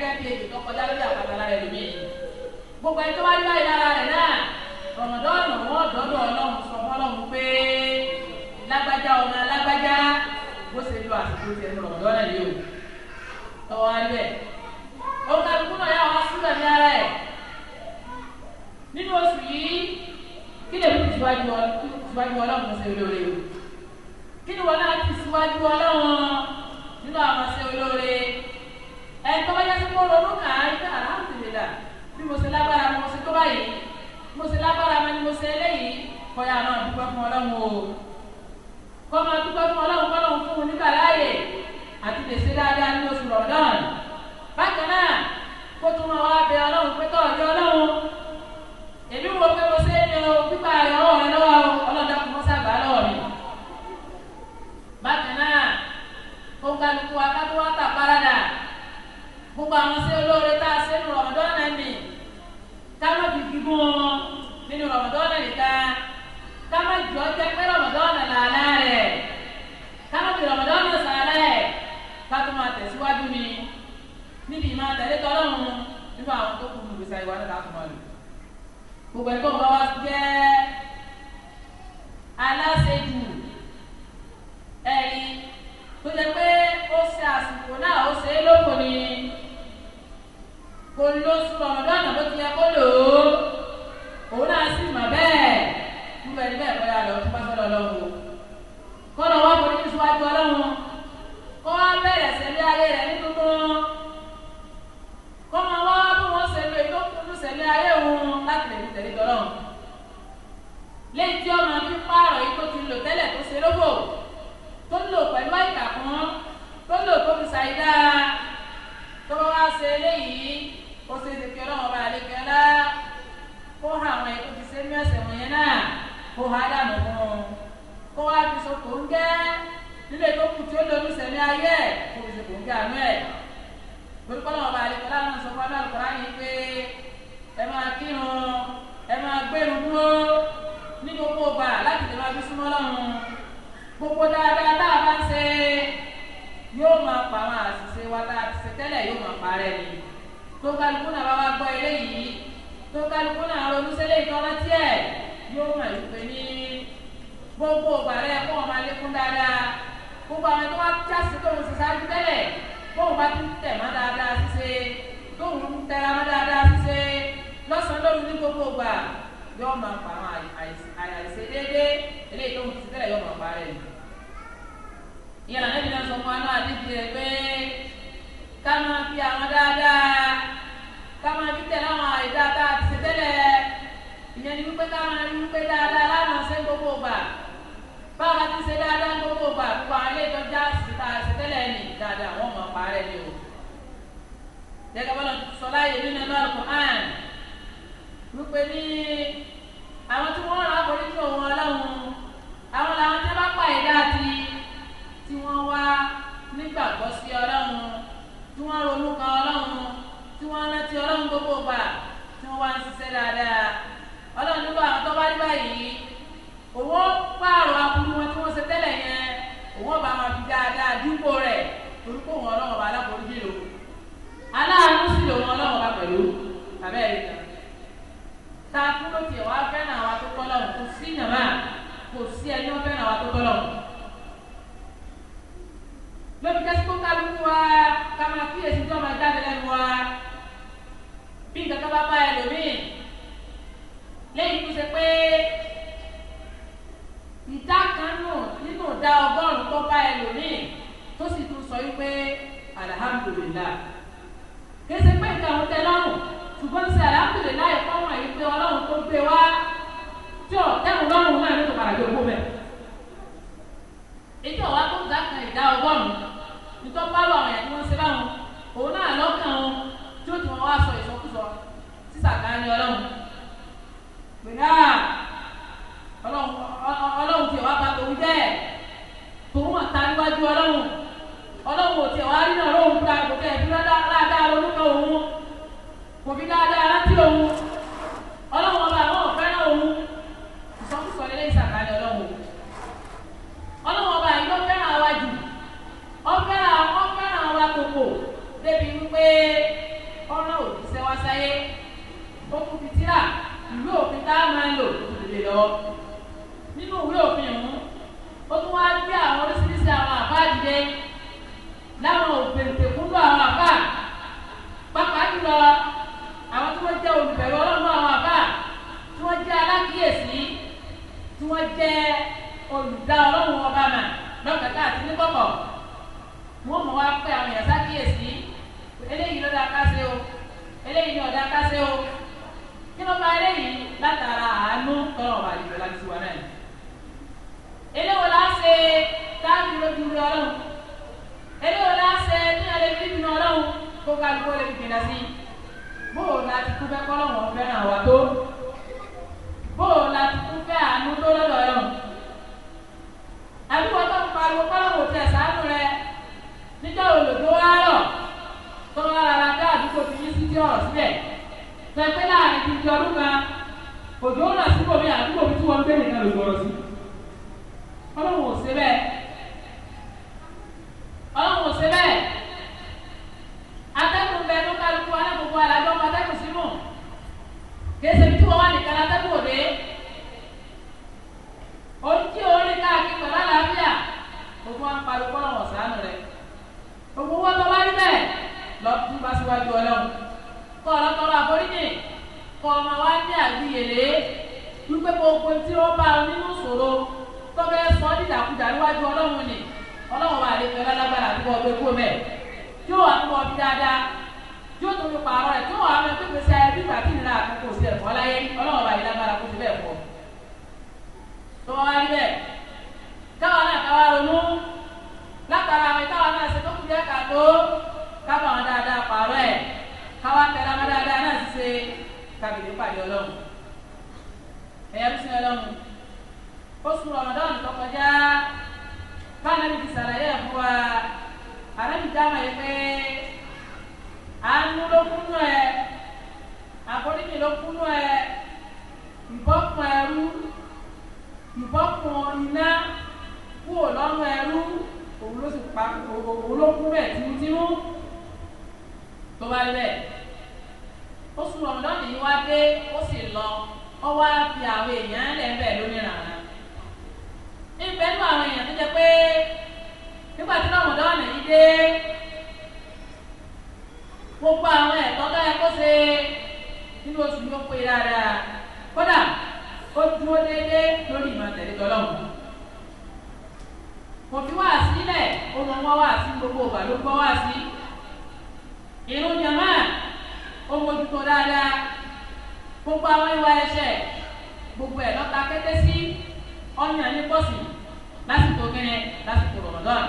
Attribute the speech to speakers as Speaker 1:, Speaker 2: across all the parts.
Speaker 1: gẹ́gẹ́ bí ètò kọjá lórí àpàtàlà rẹ̀ gbogbo ẹni tó báyìí lára rẹ̀ náà rọ̀mọ̀dọ́nà wọn dọ́dọ̀ ọlọ́run sọ fọlọ́run pé lágbájá ọmọ lágbájá bó ṣe lo àsìkò tiẹ̀ ní rọ̀mọ̀dọ́nà yìí o tọwọ́ alẹ́ òun kàbí kúnà yà wọ́n sílẹ̀ ní ara ẹ̀ nínú oṣù yìí kí lè fi tìwájú ọlọ́run ṣe lóore kí ni wọn náà fi síwájú ọlọ́run nínú àwọn ṣe olóore ẹni tó bá yẹ kó ronú kàn án ká alhamdulillah bí mo ṣe lágbára mo ṣe tó báyìí mo ṣe lágbára mi ni mo ṣe eléyìí kọ́yà náà dúpẹ́ fún ọlọ́run o kọ́ máa dúpẹ́ fún ọlọ́run kọ́lọ́run fún un nígbà láàyè àti lè ṣe dáadáa ní oṣù rọ̀dán bákan náà kó tún máa wá bẹ ọlọ́run pé tọ́ ọjọ́ ọlọ́run èmi wo pé mo ṣe é ní o pípa ìyàwó rẹ lọ́wọ́ ọlọ́dà kò mọ́ sábà lọ́wọ́ mi bákan náà kó kálukú wa ká tó gbogbo àwọn sí olóore tá a ṣe nínú Ramadan náà nì ká má fi gígùn wọn nínú Ramadan náà nìkan ká má jọ jẹ pé Ramadan náà làálá rẹ̀ ká má fi Ramadan náà sàálà ẹ̀ ká tó máa tẹ̀síwájú mi níbi ìmọ̀ àtẹ̀lé tọ́lọ́run nípa àwọn tó kù nù gbèsè náà láti máa lò gbogbo ẹ̀kọ́ bá wá jẹ́ aláṣejù ẹ̀yìn tó jẹ́ pé ó ṣe àsìkò náà ó ṣe é lóko ni kò lo oṣù rọmọdọ́nà bó ti yẹ kó lò. gẹ́gẹ́ bọ́lá sọlá yìí nínú ẹ̀rọ alukur'an wípé ní àwọn tí wọ́n rà àforíjì òun ọlọ́run àwọn làwọn tí wọ́n bá pa ẹ̀dá àti tí wọ́n wá nígbàgbọ́ sí ọlọ́run tí wọ́n ronú kan ọlọ́run tí wọ́n rántí ọlọ́run gbogbo gbà tí wọ́n wá ń ṣiṣẹ́ dáadáa ọlọ́run nígbà àwọn tó bá rí báyìí òwò pààrọ̀ aburú wọn tí wọ́n ṣe tẹ́lẹ̀ yẹn òwò bá wọn fi dáadáa dúpọ̀ rẹ̀ orúkọ wọn ọlọ́run ọba alákòóbí
Speaker 2: lòun aláàánú sì lòun ọlọ́run wa pẹ̀lú abẹ́ rẹ̀ kan
Speaker 1: ta kúrò tiẹ̀ wá fẹ́ràn àwa tó kọ́ lọ́run kò sí ìyàmá kò sí ẹni wọ́n fẹ́ràn àwa tó kọ́ lọ́run lóbi jẹ́ sikó kálukú wa ká máa kíyèsí tó máa jáde lẹ́nu wa bí nǹkan tó bá bá ẹlòmíì lẹ́yìn tó ṣe pé ìdá kan nù nínú ìdá ọgọ́rùn-ún tó bá ẹlòmíì tó sì tún sọ wípé alihamudulilayi kése pé nǹkan àwọn tẹ lọ́rùn ṣùgbọ́n ṣe àlàáfíà láì fọ́nrán yìí pé ọlọ́run tó gbé wá tí ò tẹ́nu lọ́rùn náà ló tó padà gbé owó bẹ̀. ètò ọ̀wá tó ń dákan ìdá ọgọ́rùn-ún nítorí bá wà àwọn ẹ̀yà tí wọ́n ṣe báwọn òun náà lọ́kàn wọn tí ó ti wọn wá sọ ìsọkúsọ sísàkánì ọlọ́run gbẹ̀dá ọlọ́run tí ọ̀wá bá tòun jẹ́ tòun ọ̀tá níwájú ọlọ́run ọlọ́run ò tiẹ̀ wá rí náà lóhùn kúra kò tiẹ̀ fi ládàá lórúkọ òun kò fi dá kọ́ ọmọ wa ní àgbìyèlé wípé gbogbo tí ó bá nínú ìṣòro tó bẹ́ẹ̀ sọ dídàkudà níwájú ọlọ́run ni ọlọ́run wà lè fẹ́ lálágbára àdúgbò ọgbẹ́ kó mẹ́ tí ó wà tó wọ́n fi dáadáa tí ó tó fi pààrọ̀ rẹ̀ tí ó wà á mẹ́ pé pèsè ayé bí bàtí nira àkókò sí ẹ̀fọ́ láyé ọlọ́run wà lè lágbára kó fi bẹ́ẹ̀ fọ́ tó wọ́n wá rí bẹ́ẹ̀ káwọn náà káwá ronú látara àwọn ìtawọ̀ náà ṣe tó kù jẹ́ kàtó tàbí lè pàdé ọlọ́run ẹ̀yà bí sinmi ọlọ́run oṣù rọ̀mọdọ́ọ̀nù tó kọjá báńdà mi ti sàlàyé ẹ̀ fún wa àrẹ́mi dáhùn ẹ̀ pé àánú ló kúnú ẹ̀ àforíjì ló kúnú ẹ̀ ìbọ́kùn ẹrú ìbọ́kùn iná kúrò lọ́rùn ẹrú òun ló sì pa òun ló kúrò ẹ̀ tìmùtìmù tó bá lẹ̀ oṣù rọ̀mọdọ́nì ni wá dé ó sì lọ ọ wá fi àwọn èèyàn lẹ́ẹ̀bẹ̀ lómìnira ìbẹ́nu àwọn èèyàn tó jẹ pé nígbà tí rọ̀mọdọ́nì yìí dé gbogbo àwọn ẹ̀tọ́ tó yẹ kó ṣe nínú oṣù yóò pé dáadáa kódà ó dúró déédéé lórí ìmọ̀ tẹ̀lé tọ́lọ́mù kò fi wá sílẹ̀ ó mọ wá wá sí gbogbo ìgbà ló gbọ́ wá sí irú ni gbogbo àwọn ìwà ẹ̀ṣẹ̀ gbogbo ẹ̀ lọ́ta kété sí ọ̀yàn ní pọ̀sì lásìkò kẹrẹ lásìkò rọ̀lọ́n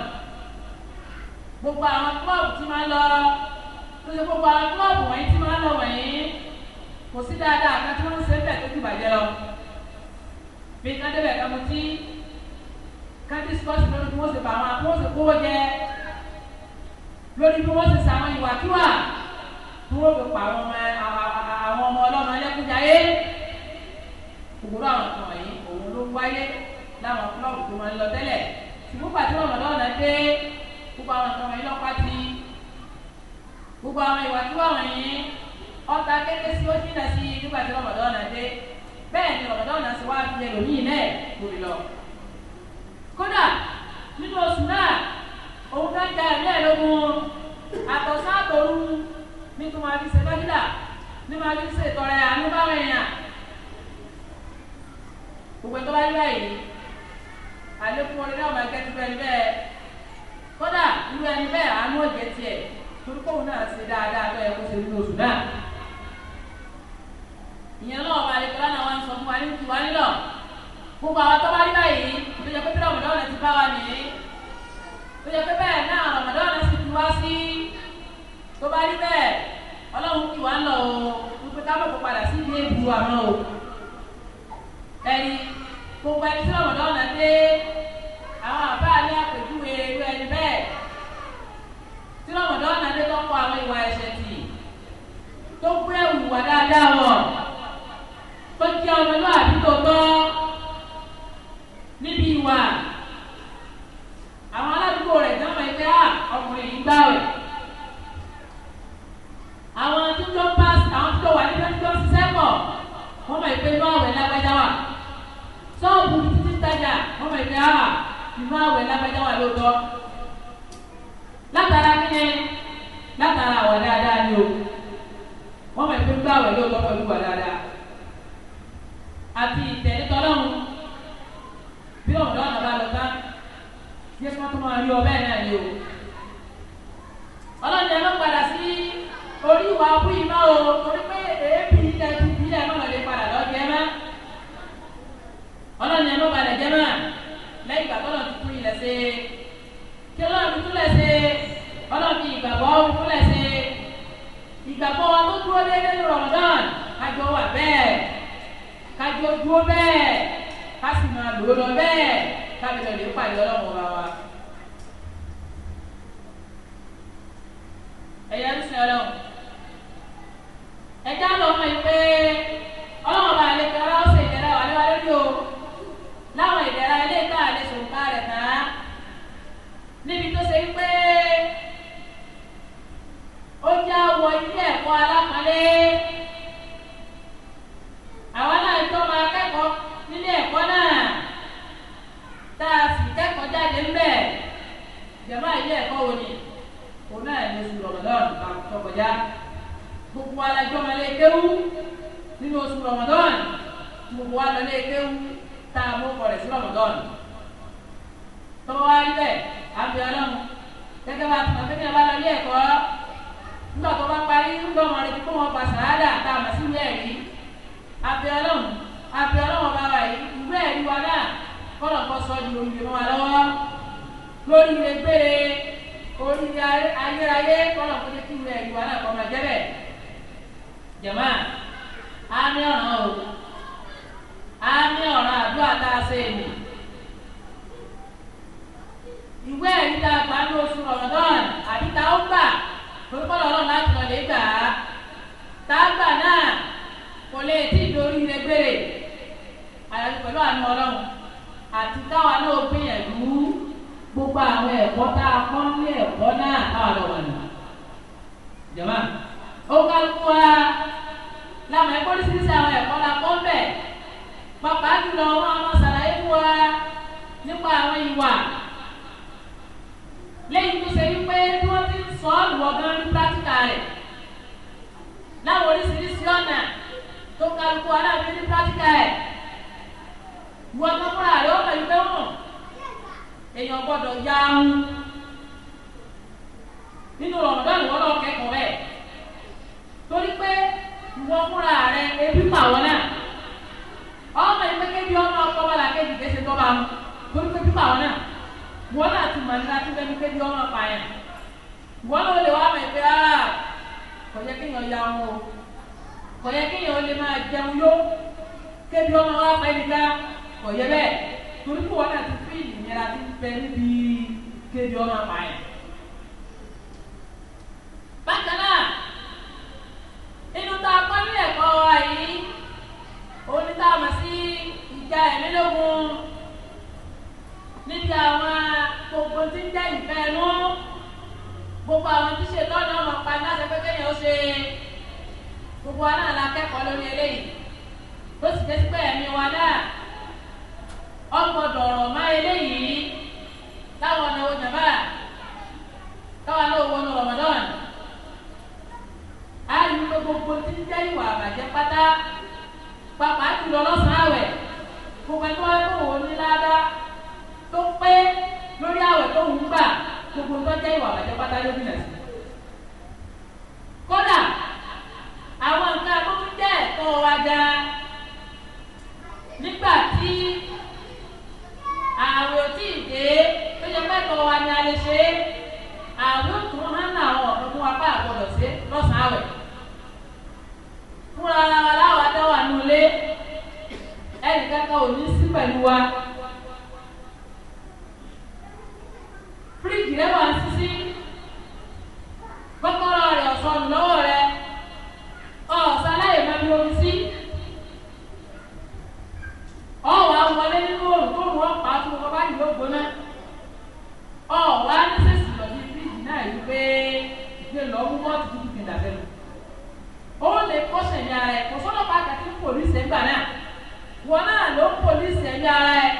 Speaker 1: gbogbo àwọn kílọ̀bù tí máa ń lọ tó ṣe gbogbo àwọn kílọ̀bù wọ̀nyí tí máa ń lọ wọ̀nyí kò sí dáadáa kan tí wọ́n ń ṣe ń bẹ̀ tó ti bàjẹ́ lọ bí kan débẹ̀ kan mo ti kan discourse lórí bí wọ́n ṣe bá wọn wọ́n ṣe kówó jẹ lórí bí wọ́n ṣe ṣàwọn ìwàkiwà tí wọ́n ọmọ ọlọ́mọ ẹlẹ́kúnjayé òwúrọ̀ àwọn kan wọ̀nyí òun ló wáyé láwọn kílọ̀bù tó máa ń lọ tẹ́lẹ̀ ṣùgbọ́n pàtó ọmọdọ́ọ̀nà dé gbogbo àwọn kan wọ̀nyí lọ́pàá ti gbogbo àwọn ìwà tí wọ́n wọ̀nyí ọta kété sí ó jìnnà sí nígbà tí ọmọdọ́ọ̀nà dé bẹ́ẹ̀ ni ọmọdọ́ọ̀nà sì wá fi ẹlòmíì náà lórí lọ. kódà nínú oṣù náà òun náà já ẹ̀mí ẹ̀ lógún àtọ̀sán àtọ̀rún nítorí wọn fi ṣe ní máa fi ṣètọrẹ àánú báwọn èèyàn gbogbo tó bá rí báyìí àlékún orin náà máa kẹ́tù bẹ́ẹ̀ bẹ́ẹ̀ kódà irú ẹni bẹ́ẹ̀ àánú ọ̀jẹ̀ tiẹ̀ torí kóun náà ṣe dáadáa tó yẹ kó ṣe nínú oṣù náà ìyẹn náà wà lẹ́kọ̀ọ́ náà wọ́n ń sọ fún wa ní tiwa nílọ̀ gbogbo àwọn tó bá rí báyìí tó yẹ pé bí rọmọdọ́ọ̀nù ti bá wa nìyí tó yẹ pé bẹ́ẹ̀ náà rọmọdọ́ọ̀nù ọlọ́run kì wá lọ o wípé ká bọ̀kọ̀ padà sí ilé ìlú àná o ẹni gbogbo ẹni tí ọ̀rọ̀ lọ́nà dé àwọn àbá ní àpèjúwe irú ẹni bẹ́ẹ̀ tí ọ̀rọ̀ lọ́nà dé tó kọ àwọn ìwà ẹ̀ṣẹ̀ tì tó gbé ìwà dáadáa wọn tó jẹ́ ọmọlúwàbí tó tọ́ níbi ìwà àwọn aládùúgbò rẹ̀ dáhùn ẹgbẹ́ ọkùnrin yìí gbáwẹ̀. inú àwẹ̀ lágbájá wà lóòótọ́ látara kíni látara àwọ̀ ni o wọ́n mọ̀ pé gbá àwẹ̀ lóòótọ́ pẹ̀lú wà dáadáa àti ìtẹ̀lẹ́tọ́lọ́hún bí ọ̀dọ́ ọ̀nà bá lọ bá yẹ kí wọ́n tún máa rí ni o ọlọ́dẹ ló padà sí orí ìwà ọkú yìí o torí pé èébì ilẹ̀ ti fi ilẹ̀ náà lè padà lọ́ọ́ jẹ́ mọ́ ọlọ́dẹ ló padà jẹ́ mọ́ lẹ́yìn ìgbà tó ṣe kí ọlọ́run fi túlẹ̀ ṣe ọlọ́run fi ìgbàgbọ́ fi túlẹ̀ ṣe ìgbàgbọ́ wa tó dúró déédéé ní Ramadan kájọ wà bẹ́ẹ̀ kájọ dúró bẹ́ẹ̀ ká sì máa lò ó lọ bẹ́ẹ̀ kájọ lè pàdé ọlọ́run ọba wa. ẹ̀yà ń sin ọlọ́run ẹ̀já lọ́mọ yìí pé. Because in the kálukú aláàbí ní pírátíkà ẹ̀ wọ́n tó múra rẹ̀ ó pẹ̀lú pé wọ́n èèyàn gbọ́dọ̀ yá ń nínú ọ̀rọ̀ bẹ́ẹ̀ wọ́n lọ kẹ́kọ̀ọ́ bẹ́ẹ̀ torí pé wọ́n múra rẹ̀ ebi pàwọ́ náà ọmọ yìí pé kébi ọmọ ọkọ wọn là kébi kése tó bá mu torí pé pípa wọn náà wọn náà ti mọ̀ nígbà tí bẹ́ẹ̀ kébi ọmọ pààyàn wọn náà lè wá mọ̀ pé kọjá kéèyàn ya wọn o kọ̀yẹ́ kí yẹn ó lè máa jẹun yó kébi ọmọ wa pẹ́ nìkan kọ̀yẹ́ bẹ́ẹ̀ torí kó wọn náà ti fi ìnira ti bẹ níbi kébi ọmọ pa yẹn. bákan náà inú tá a kọ́ nílẹ̀ kọ́ wa yìí ni tá a mọ̀ sí ìjà ẹ̀mí lógun níbi àwọn gbogbo tí ń jẹ́ ìfẹ́ ẹnu gbogbo àwọn tí ṣe lọ́nà ọmọ pa ní àṣẹ pé kéèyàn ó ṣe é gbogbo wa náà la kẹ́kọ̀ọ́ lórí eléyìí tó sì jẹ́ pé ẹ̀mí wa náà ọkọ̀ dọ̀rọ̀ má eléyìí táwọn ọ̀nà wo jàmbá táwọn náà wọnú Ramadan á yí pé gbogbo tí ń jẹ́ ìwà àbàjẹ́ pátá pàpà á jùlọ lọ́sàn-án àwẹ̀ gbogbo ẹni wọn tó wò ní ládá tó pé lórí àwẹ̀ tó ń gbà gbogbo tó jẹ́ ìwà àbàjẹ́ pátá ló bí nà sí. kódà àwọn nǹkan akókó jẹ́ ẹ̀kọ́ wa gan nígbà tí àwọn tí ì dé tó yẹ mẹ́kọ̀ọ́ wa ni a lè ṣe é àwọn tó ń hàn náà àwọn ọ̀dọ́ fún wa bá àgbọ̀dọ̀ sí lọ́sàn-án àwẹ̀ fúnra wa láwọn adáwà nulẹ̀ ẹnì kankan ò ní sí pẹ̀lú wa. fíríjì rẹ̀ wà ń sisi kọ́kọ́rọ́ rẹ̀ ọ̀sán lọ́wọ́ rẹ̀. wáìnì ló gbóná ọ wá ní sèṣì lọ sí fíríjì náà yìí pé ìgbé lọ mú wọ́ọ̀tì tó ti dà sẹ́nu ó lè kó sẹ̀yìn ara ẹ̀ kó sọ́lọ́pàá àtàkì ń pòlísì ẹ̀ gbà náà wọn náà ló ń pòlísì ẹ̀mí ara ẹ̀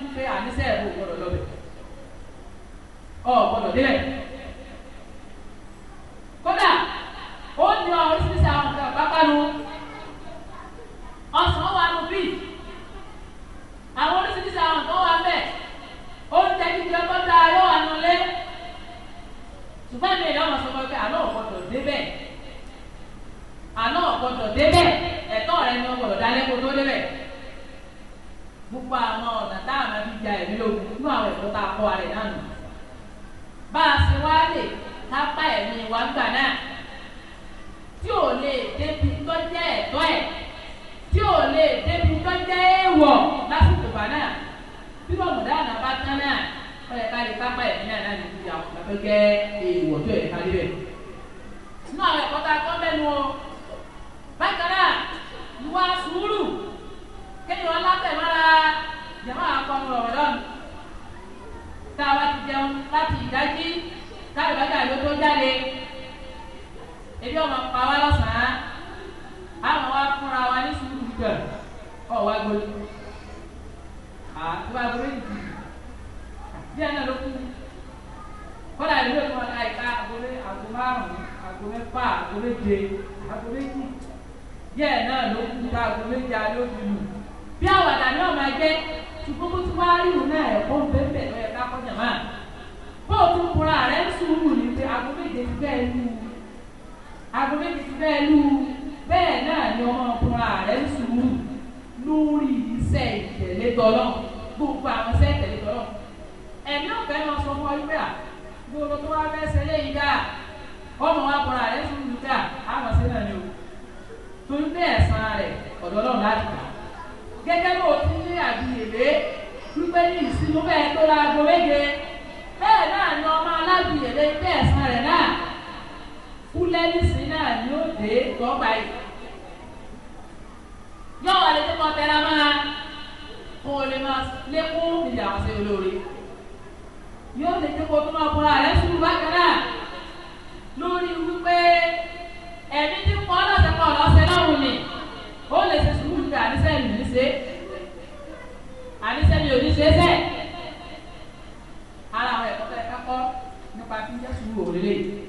Speaker 1: wípé àníṣe ẹ̀rọ gbọ́dọ̀ lọ́bẹ̀ ọ gbọ́dọ̀ délẹ̀ kódà ó ní oríṣiríṣi àwọn ọ̀gá pápánu ọ̀sán wà nù bíi àwọn oríṣiríṣi àwọn ọ̀gá wà bẹ́ẹ̀ oúnjẹ jíjẹ tó dáa yóò wà nulẹ̀ ṣùgbọ́n mi ìyá ọmọ sọ pé àlọ́ ọ̀gbọ́dọ̀ débẹ̀ àlọ́ ọ̀gbọ́dọ̀ débẹ̀ ẹ̀tọ́ rẹ ni ọ̀gbọ́dọ̀ dalẹ́ kó tó débẹ̀ gbogbo àwọn ọ̀nà tá a máa fi ja ẹ̀mí lógun nínú àwọn ẹ̀kọ́ tá a kọ́ ara ẹ̀ náà nù bá a ṣe wá lè lápá ẹ̀mí wa gbà náà tí ò lè débi tó jẹ́ ẹ̀tọ́ ẹ̀ tí ò lè débi tó jẹ́ èèwọ̀ lásìkò bá náà tí rọ̀mùdá àná bá tán náà ó yẹ ká lè pápá ẹ̀mí náà láti fi àwọn ọ̀gá
Speaker 2: gẹ́gẹ́
Speaker 1: èèwọ̀ tó yẹ ká lé bẹ̀. àwọn ẹ̀kọ́ tá a kọ́ mẹ́nu o 够了，你。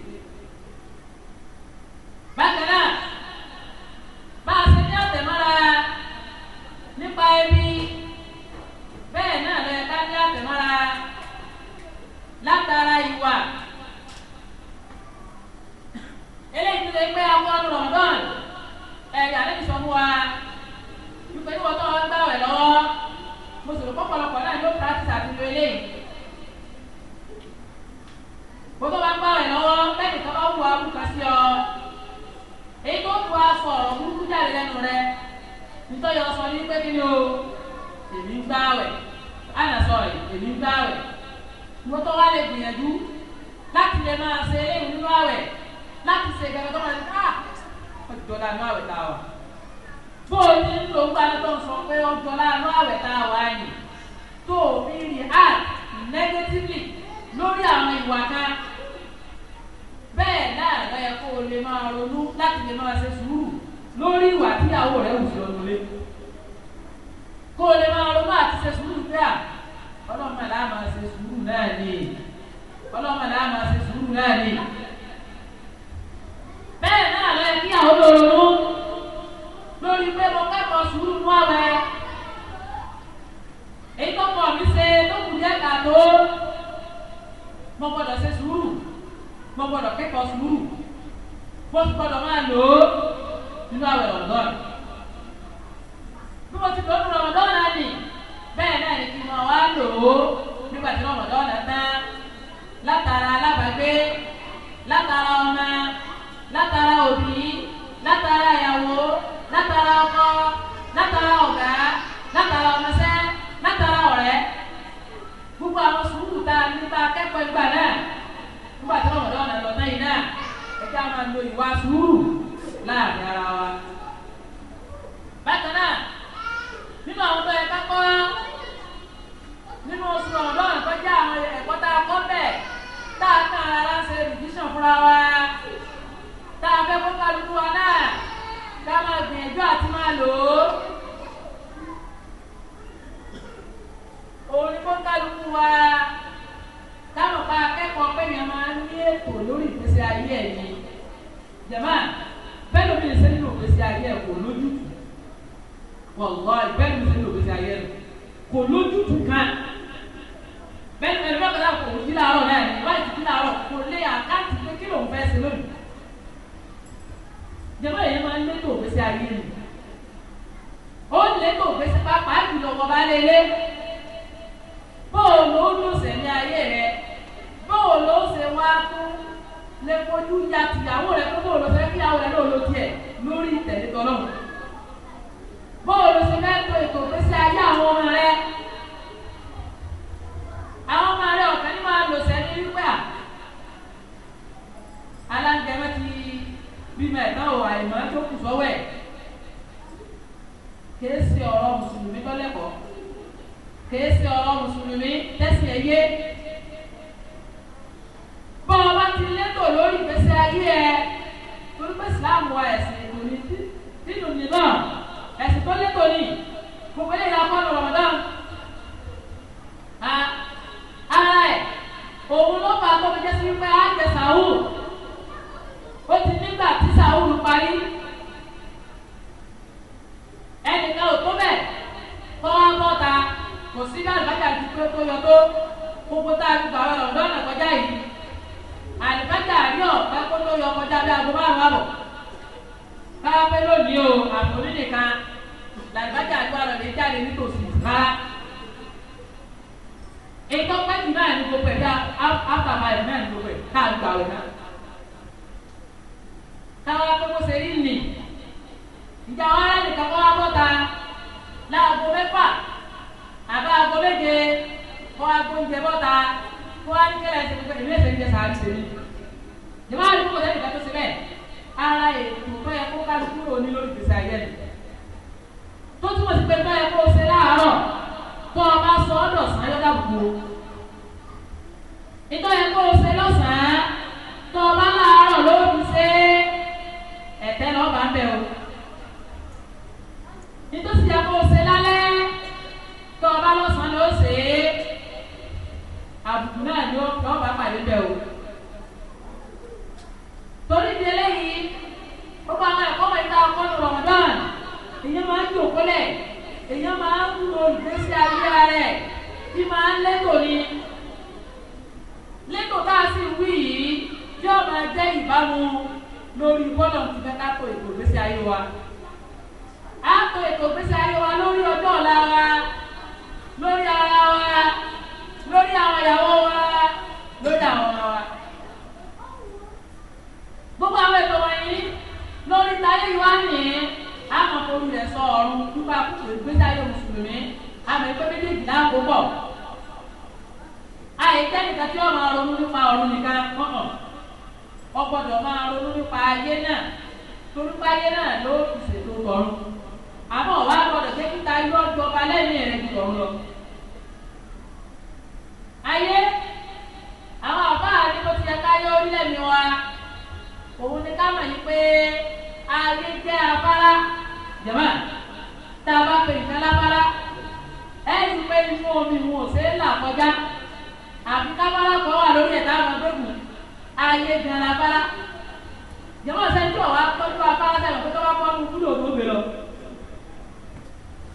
Speaker 1: bó ti gbọdọ̀ máa lò ó nínú àwẹ̀ ọ̀dọ́rùn. bí mo ti lò ó nínú ọ̀dọ́rùn náà nì bẹ́ẹ̀ náà ni kí n máa wá lò ó nígbà tí wọ́n ọ̀dọ́rùn náà tán látara alábàágbé látara ọmọ látara òbí látara ìyàwó látara ọkọ látara ọ̀gá látara ọmọọṣẹ́ látara ọ̀rẹ́ gbogbo àwọn sùúrù tá a nípa akẹ́kọ̀ọ́ ìgbà náà nígbà tí wọ́n ọ̀dọ́rùn náà lọ náà yìí náà kí a máa lo ìwà sùúrù láàrin ara wa. bákan náà nínú àwọn tó yẹ ká kọ́ nínú oṣù ọ̀dọ́ ìkọjá àwọn ẹ̀kọ́ tá a kọ́ bẹ́ẹ̀ tá a kàn ara ṣe rìdíṣàn fúnra wa tá a fẹ́ kó kálukú wa náà ká máa gbìyànjú àti máa lò ó. òun ni kó kálukú wa táwọn pa akẹ́kọ̀ọ́ pé yẹn máa ń ní ètò lórí ìgbésí ayé ẹ̀ ni jama bẹ́ẹ̀ ló mi lè sẹ́ni ní òpèsè ayé ẹ̀ kò lójútùú wàlláhì bẹ́ẹ̀ ló mi sẹ́ni ní òpèsè ayé ẹ̀ kò lójútùú kan bẹ́ẹ̀ ni ẹ̀rọ bẹ́ẹ̀ kò jí làárọ̀ náà ẹ̀ wáyé ti jí làárọ̀ kò lé àkáǹtì pé kí lòun fẹ́ ṣe lónìí jẹ́wọ́ èèyàn máa ń lé tó òpèsè ayé nù ó lé tó òpèsè pápá jùlọ wọn bá lé lé bóòlù ó lòsè ní ayé rẹ bóòlù ó ṣe wá fún lè fojú ya tìyàwó rẹ kó bóòlù ṣe kí ìyàwó rẹ lóò lo tiẹ̀ lórí ìtẹ̀lé tọ́lọ́mù bóòlù ṣe fẹ́ tó ètò ìgbésí ayé àwọn.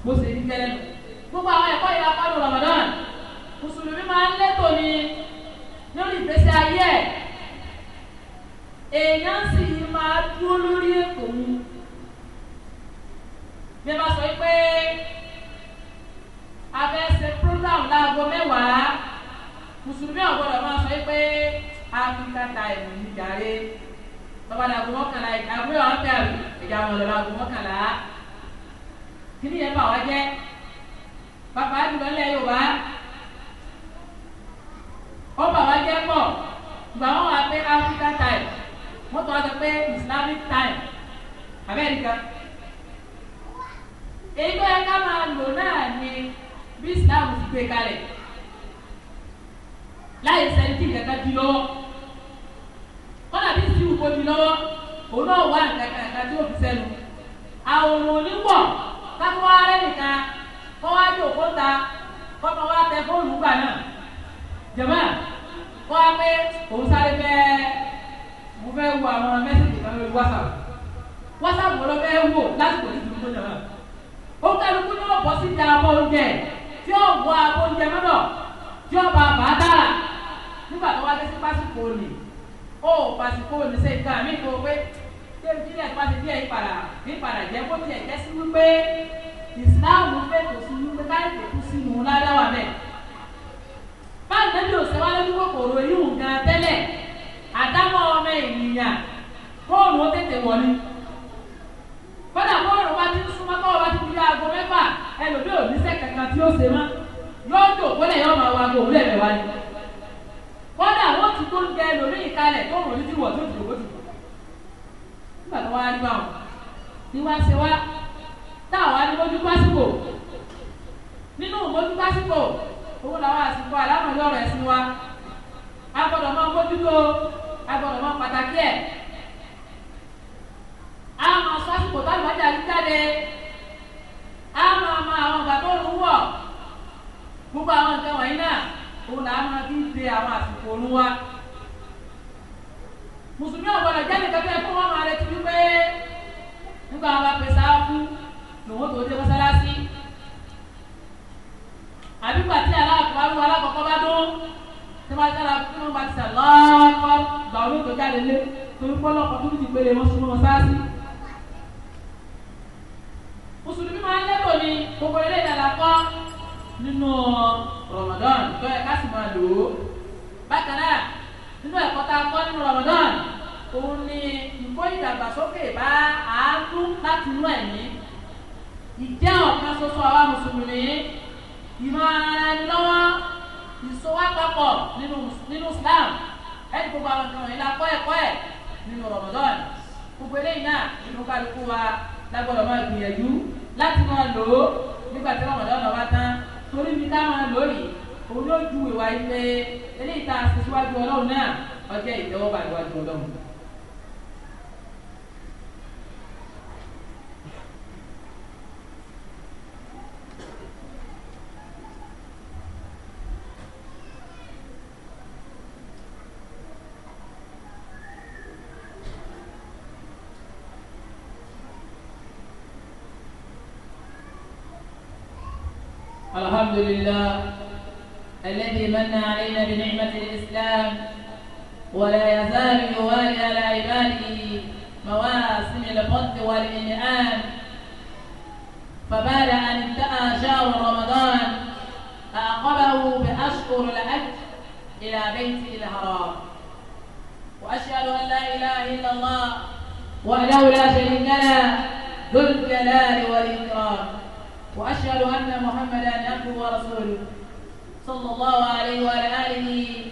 Speaker 1: bó ṣe rí tẹ́lẹ̀ lọ. gbogbo àwọn ẹ̀kọ́ yìí lápá lò Ramadan mùsùlùmí máa ń létò ní lórí ìgbésí ayé ẹ̀ èèyàn sì máa dúró lórí ètò mu bí ẹ bá sọ pé a fẹ́ ṣe program láago mẹ́wàá mùsùlùmí ọ̀gbọ́dọ̀ máa sọ pé Africa time ní jàre tọ́ba dàgbọ́ mọ́kànlá ìjà àgbẹ̀ ọ̀hún tẹ̀ ẹ̀jà wọn lọ́la àgbọ̀ mọ́kànlá. Kini yẹn bà wá jẹ́ bàbá jùlọ lẹ Yorùbá ó bà wá jẹ́ pọ̀ ìgbà wọn wà pé Africa time wọ́n tọ́ wá pé Islamic time Amẹ́ríkà èyí tó yẹ ká máa lò náà ni bí Islam ti gbé kalẹ̀ láyé sẹ́ni tí nǹkan di lọ́wọ́ kọ́nà bí sí ìwúkọ́ di lọ́wọ́ òun náà wà nǹkan kan tí ó fi sẹ́nu àwọn òun ò káfọ́ wa rẹ nìkan kọ́ wa jò kó ta kọ́ ma wa tẹ fóònù gbà náà jẹ̀mọ́ kọ́ wa pé òun sáré fẹ́ mo fẹ́ wo àwọn mẹ́sàgì kan lórí wásaapu wásaapu wọn lọ fẹ́ wò lásìkò tí mo jẹ̀mọ́ ó kálukú ní ọ̀pọ̀ sí ti abọ́ oúnjẹ tí ó wọ abọ́ oúnjẹ mọ́dọ̀ tí ó bá bàá dára nígbà tó wá dé sí pásítọ̀ òní ó pásítọ̀ òní ṣe nǹkan àmì ìfowópamọ́ tílẹ̀ bá ti díẹ̀ ìpàdà ìpàdà jẹ́ kó tiẹ̀ jẹ́ sí wípé ìsìláàmù fètò sí wípé káyọ̀tò kú sínú ládàwà bẹ́ẹ̀. báyìí lẹ́bí òṣèwá lójú kòkòrò yìí ń gan tẹ́lẹ̀ àdámọ́ ọmọ ènìyàn fóònù ó tètè wọlé. lágbọ́dọ̀ máa gbìyànjú láti máa lò ó nígbà tí wọ́n lọ́nà wá tán torí mi ká máa lò yìí òun ló ju ìwà ilé eléyìí tá a ṣe síwájú ọlọ́run náà ọjọ́ ìtẹ́wọ́gbà ìwájú ọlọ́run. الحمد لله الذي من علينا بنعمة الإسلام ولا يزال يوالي على عباده مواسم الفضل والإنعام فبعد أن انتهى شهر رمضان أعقبه بأشكر الحج إلى بيته الحرام وأشهد أن لا إله إلا الله وأنه لا شريك له ذو الجلال والإكرام وأشهد أن محمدا عبده ورسوله صلى الله عليه وعلى آله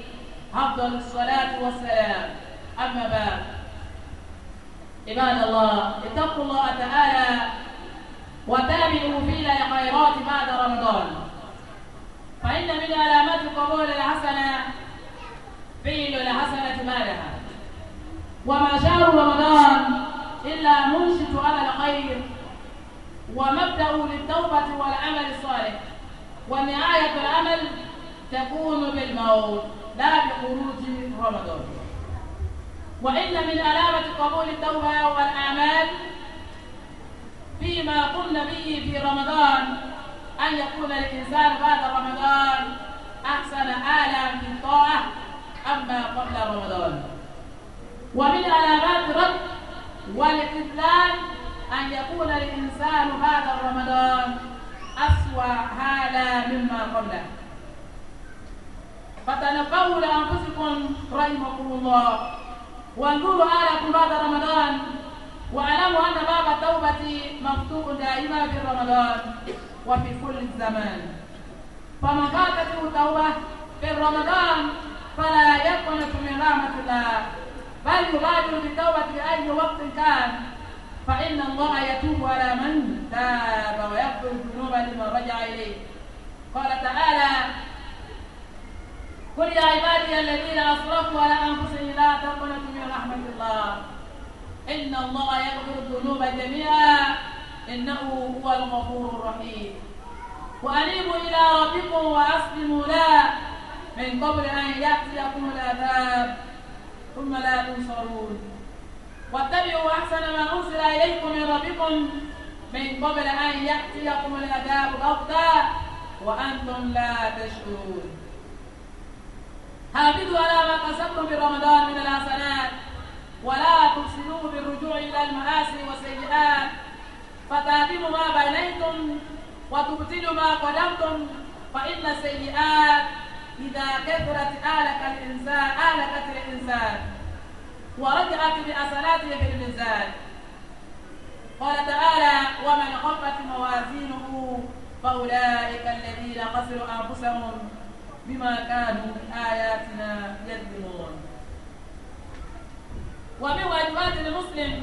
Speaker 1: أفضل الصلاة والسلام أما بعد عباد الله اتقوا الله تعالى وتابعوا في خيرات بعد رمضان فإن من علامات قبول الحسنة فعل الحسنة مالها
Speaker 2: وما شهر رمضان
Speaker 1: إلا منشط على الخير ومبدأ للتوبة والعمل الصالح ونهاية العمل تكون بالموت لا بخروج رمضان وإن من علامة قبول التوبة والأعمال فيما قمنا به في رمضان أن يكون الإنسان بعد رمضان أحسن حالا في الطاعة أما قبل رمضان ومن علامات رد والاستدلال أن يقول الإنسان هذا رمضان أسوأ حالا مما قبله فتنقوا لأنفسكم رحمكم الله وانظروا آلكم بعد رمضان واعلموا أن باب التوبة مفتوح دائما في رمضان وفي كل الزمان فمن فاتته التوبة في رمضان فلا يقنط من رحمة الله بل يبادر بالتوبة في أي وقت كان فإن الله يتوب على من تاب ويغفر الذنوب لمن رجع إليه قال تعالى قل يا عبادي الذين أسرفوا على أنفسهم لا تقنطوا من رحمة الله إن الله يغفر الذنوب جميعا إنه هو الغفور الرحيم وأنيبوا إلى ربكم وأسلموا له من قبل أن يأتيكم العذاب ثم لا تنصرون واتبعوا أحسن ما أنزل إليكم من ربكم من قبل أن يأتيكم العذاب بغتة وأنتم لا تشعرون حافظوا على ما قسمتم في رمضان من الحسنات ولا تفسدوا بالرجوع إلى المآسي والسيئات فتعلموا ما
Speaker 2: بنيتم
Speaker 1: وتبطلوا ما قدمتم فإن السيئات إذا كثرت أهلك الإنسان أهلكت الإنسان ورجعت بأصلاته في الميزان قال تعالى ومن خفت موازينه فأولئك الذين خسروا أنفسهم بما كانوا بآياتنا يظلمون ومن واجبات المسلم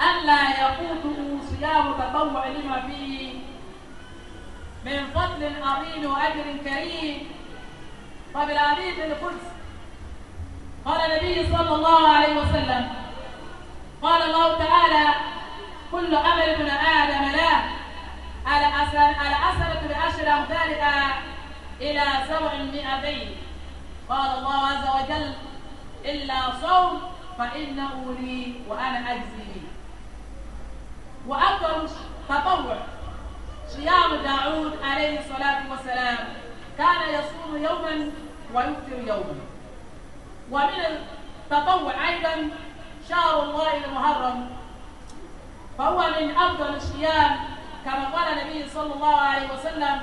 Speaker 1: ألا يقوته صيام تطوع لما فيه من فضل عظيم وأجر كريم فبالحديث القدس قال النبي صلى الله عليه وسلم قال الله تعالى كل عمل ابن آدم لا على أثر على أثرة بعشر أمثالها إلى سبع مئتين قال الله عز وجل إلا صوم فإنه لي وأنا أجزي به وأكثر تطوع صيام داود عليه الصلاة والسلام كان يصوم يوما ويفطر يوما ومن التطوع أيضا شهر الله المحرم فهو من أفضل الصيام كما قال النبي صلى الله عليه وسلم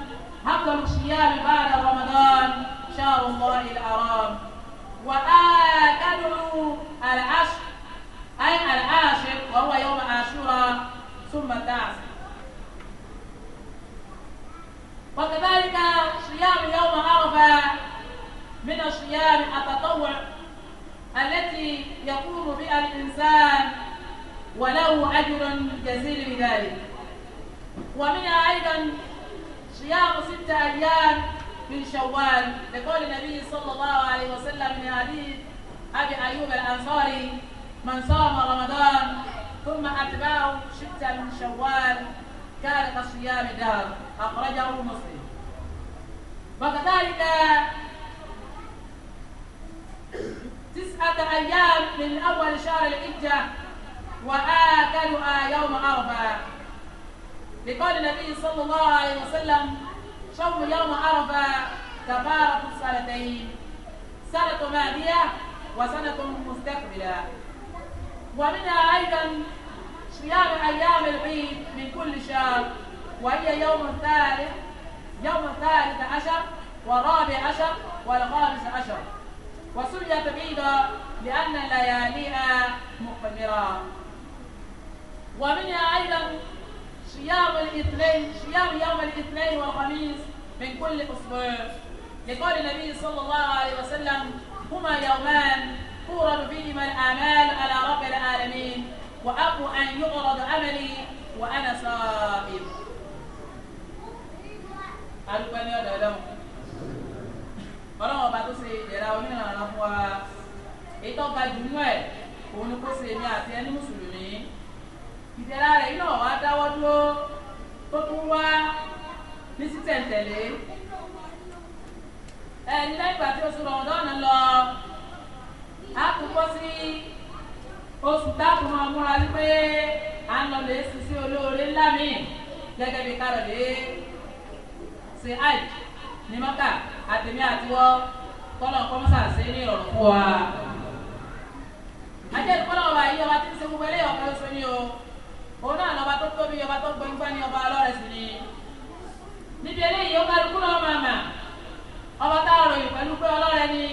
Speaker 1: أفضل الصيام بعد رمضان شهر الله الحرام وآكله العشر أي العاشر وهو يوم عاشوراء ثم التاسع وكذلك صيام يوم عرفة من الصيام التطوع التي يقوم بها الإنسان وله أجر جزيل بذلك ومنها أيضا صيام ستة أيام من شوال لقول النبي صلى الله عليه وسلم من حديث أبي أيوب الأنصاري من صام رمضان ثم أتباعه ستة من شوال كان كصيام دار أخرجه مسلم وكذلك تسعة أيام من أول شهر الحجة وآكلها يوم عرفة لقول النبي صلى الله عليه وسلم صوم يوم عرفة كفارة السنتين سنة ماديه وسنة مستقبلة ومنها أيضا صيام أيام العيد من كل شهر وهي يوم الثالث يوم الثالث عشر والرابع عشر والخامس عشر وسميت بيضا لأن لياليها مقمرة ومنها أيضا صيام الاثنين صيام يوم الاثنين والخميس من كل أسبوع لقول النبي صلى الله عليه وسلم هما يومان تورد فيهما الآمال على رب العالمين وأبو أن يعرض عملي وأنا صائم. ألوان ọlọ́run ọba tó ṣe ìdẹ̀ra onírànlọ́rọ́ fún wa ètò ọba jùmọ́ ẹ̀ òun ni kó ṣe èmi àti ẹni mùsùlùmí ìdẹ̀ra rẹ̀ iná wa dáwọ́ dúró tó tún wá ní títẹ̀ǹtẹ̀lé ẹni lẹ́gbàá tí oṣù rọ̀ọ̀dọ́nà lọ á tún kọ́ sí oṣù táàbù máa múra wípé à ń lọ lè ṣiṣẹ́ olóore ńlá mi gẹ́gẹ́ bí kárọ̀ lè ṣe àìsí ní mọ́kà àtẹ̀mí àtiwọ́ kọ́lọ̀ kọ́mọ́sà ṣe ní ọ̀rọ̀ fún wa. májèlé kọ́lọ̀ ọba yìí ọba tí ń ṣe gbogbo eléyìí ọ̀kan ló so ní o òun náà lọ́ba tó tóbi ọba tó gbọ́ngbọ́n ní ọba ọlọ́rẹ̀ sí ni. níbi eléyìí ó kálukú lọ́wọ́ màmá ọba táwọn ròyìn pẹ̀lú pé ọlọ́rẹ̀ ni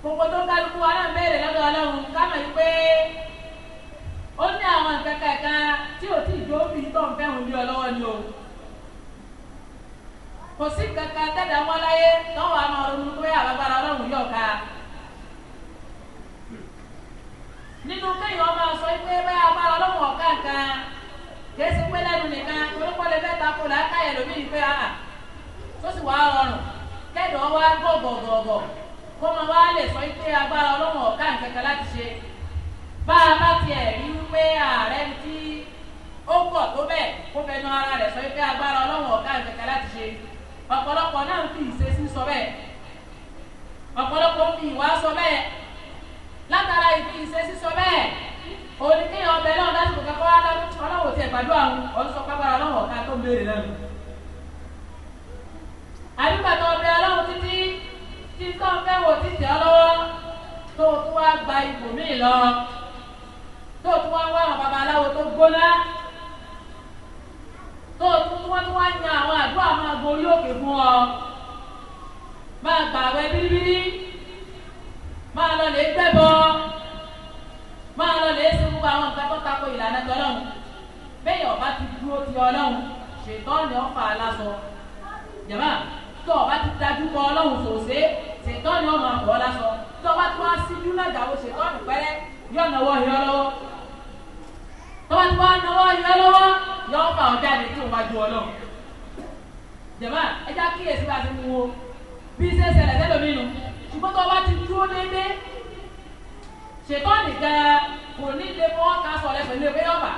Speaker 1: gbogbo tó kálukú wa náà béèrè lọ́dọ̀ ọlọ́run kámọ̀ yìí pé ó ní àwọn nǹkan kẹ̀kẹ́ tí ò tí ì dóbi tó ń fẹ́ hun bí ọlọ́wọ́ ni o kò sí kankan tẹ̀dá wọn láyé tọ́wọ́ àmọ́ ọdún pé àbábára ọlọ́run yọ̀ ká. nínú kéèyàn ọmọ sọ pé báyà bára ọlọ́run ọ̀ká nǹkan kìí ṣe pé lẹ́nu nìkan torípọ́lẹ́ mẹ́ta kò lákàyè lómi ìpè àhà tó sì wá rọrùn kẹ́dọ̀ wá gbọ̀gbọ̀gbọ̀ kó mọ wá lè sọ pé agbára ọlọ́run ọ̀ká nǹkan láti ṣe bá a bá tiẹ̀ rí wípé ààrẹ tí ó pọ̀ tó bẹ́ẹ̀ kó fẹnu ara rẹ̀ sọ pé agbára ọlọ́run ọ̀ká nǹkan láti ṣe ọ̀pọ̀lọpọ̀ náà ń fi ìṣesí sọ bẹ́ẹ̀ ọ̀pọ̀lọpọ̀ ń fi ìwà sọ bẹ́ẹ̀ látara ìfi ìṣesí sọ bẹ́ẹ̀ òní kí ọbẹ̀ náà lásìkò kẹ́kọ́ ọlọ́wọ́ tiẹ̀ gbàdúrà àwọn ọ̀sọ́ pápára ọlọ́wọ́ ká tó ń béèrè lẹ́nu. àdúgbàtà ọbẹ̀ ọlọ́wọ́ títí tí tó ń fẹ́ wò títí ọlọ́wọ́ tó tó wá gba ipò míì lọ tó tó wá wá àwọn babaláwo tó gbóná. gbogbo orí òkè fún ọ máa gbà wẹ bíríbírí máa lọ lè gbẹbọ máa lọ lè ṣe gbogbo àwọn nǹkan tó tako ìlànà tọlọ́run bẹ́ẹ̀ ọba ti dúró ti Ọlọ́run ṣètọ́ọ̀nì ọ̀fà aláṣọ jẹ̀mọ́ tó ọba ti dájú kọ Ọlọ́run sòṣe ṣètọ́ọ̀nì ọmọ àbọ̀ aláṣọ tó ọba tó wá síjú lájàwó ṣètọ́ọ̀nì pẹ́rẹ́ yọ̀ nọwọ́ yọ lọ́wọ́ tó ọba tó wá nọwọ́ yọ lọ́wọ́ yọ ọ̀fà ọ̀jáde tó wájú Ọlọ́run jẹ̀mọ́ ẹja kíyèsí wa ti mú wo bí ṣe ṣẹlẹ̀ sẹ́lómi nù ṣùgbọ́n tó bá ti dúró déédé ṣètò nìkan kò ní lè fọwọ́ ká sọ rẹ pẹ̀lú ẹgbẹ́ ọ̀fà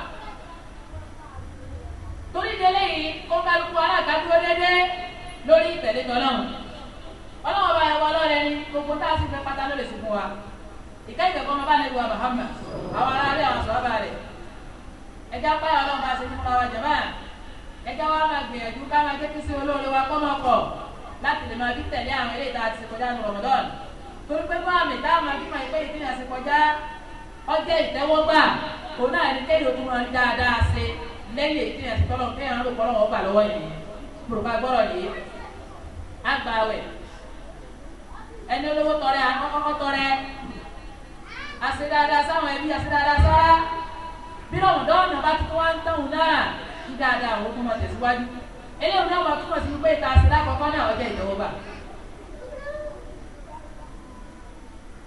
Speaker 1: torí délé yìí ó ń kálukú alága dúró déédé lórí ìtẹ̀lé tọ́lọ́ ọlọ́wọ́ bá ẹwà ọlọ́rẹ ni gbogbo tá a sì fẹ́ pátá ló lè sìnkú wa ìka ìkẹ́kọ̀ọ́ ọmọ bá lè wà Muhammad àwọn aráàlú àwọn sọ̀rọ̀ bá rẹ̀ ẹja páyà ọlọ́run bá ṣe fún wa jẹ̀mọ́ ẹ jẹ́ wá máa gbìyànjú ká máa jẹ́ kí sí olóore wa kọ́ máa pọ̀ láti lè máa fi tẹ̀lé àwọn eré ìta ti kọjá ní Ramadan torí pé fún àmì táwọn máa fi máa pé ìpín àti kọjá ọjọ́ ìtẹ́wọ́gbà òun náà ní kéde òkú máa ń dáadáa ṣe lẹ́yìn ìpín àti tọ́lọ̀ fún ẹ̀rọ lòpọ̀ lọ́wọ́ gbà lọ́wọ́ yìí pòròpá gbọ́rọ̀ yìí àgbàwẹ̀ ẹni olówó tọrẹ àkọ́kọ́ tọrẹ àṣedáadáa sáwọn ẹbí àṣedáadáa sára bí Ramadan bá ti tó wá ń tẹ̀wọ̀n náà dáadáa àwọn ọkọ̀ máa tẹ̀síwájú eléyìí náà wà túmọ̀ sí wípé ìta sí lákọ̀ọ́kọ́ náà ọjọ́ ìjọba bá.